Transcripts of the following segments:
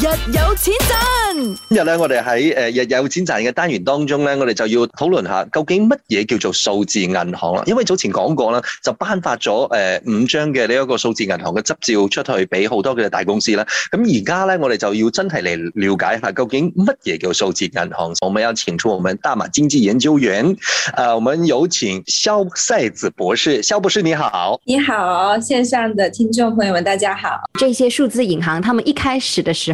日日有錢賺，今日咧，我哋喺誒日日有錢賺嘅單元當中咧，我哋就要討論下究竟乜嘢叫做數字銀行啦。因為早前講過啦，就頒發咗誒、呃、五張嘅呢一個數字銀行嘅執照出去俾好多嘅大公司啦。咁而家咧，我哋就要真係嚟了解下究竟乜嘢叫做數字銀行，我要我、呃。我們有請出我們大馬經濟研究員，啊，我們有請肖賽子博士，肖博士你好，你好，線上的聽眾朋友們大家好。這些數字銀行，他們一開始嘅時候，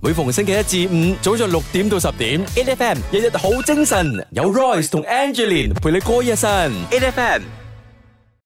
每逢星期一至五，早上六點到十點，A F M 日日好精神，有 Royce 同 Angelin 陪你過一生。A F M。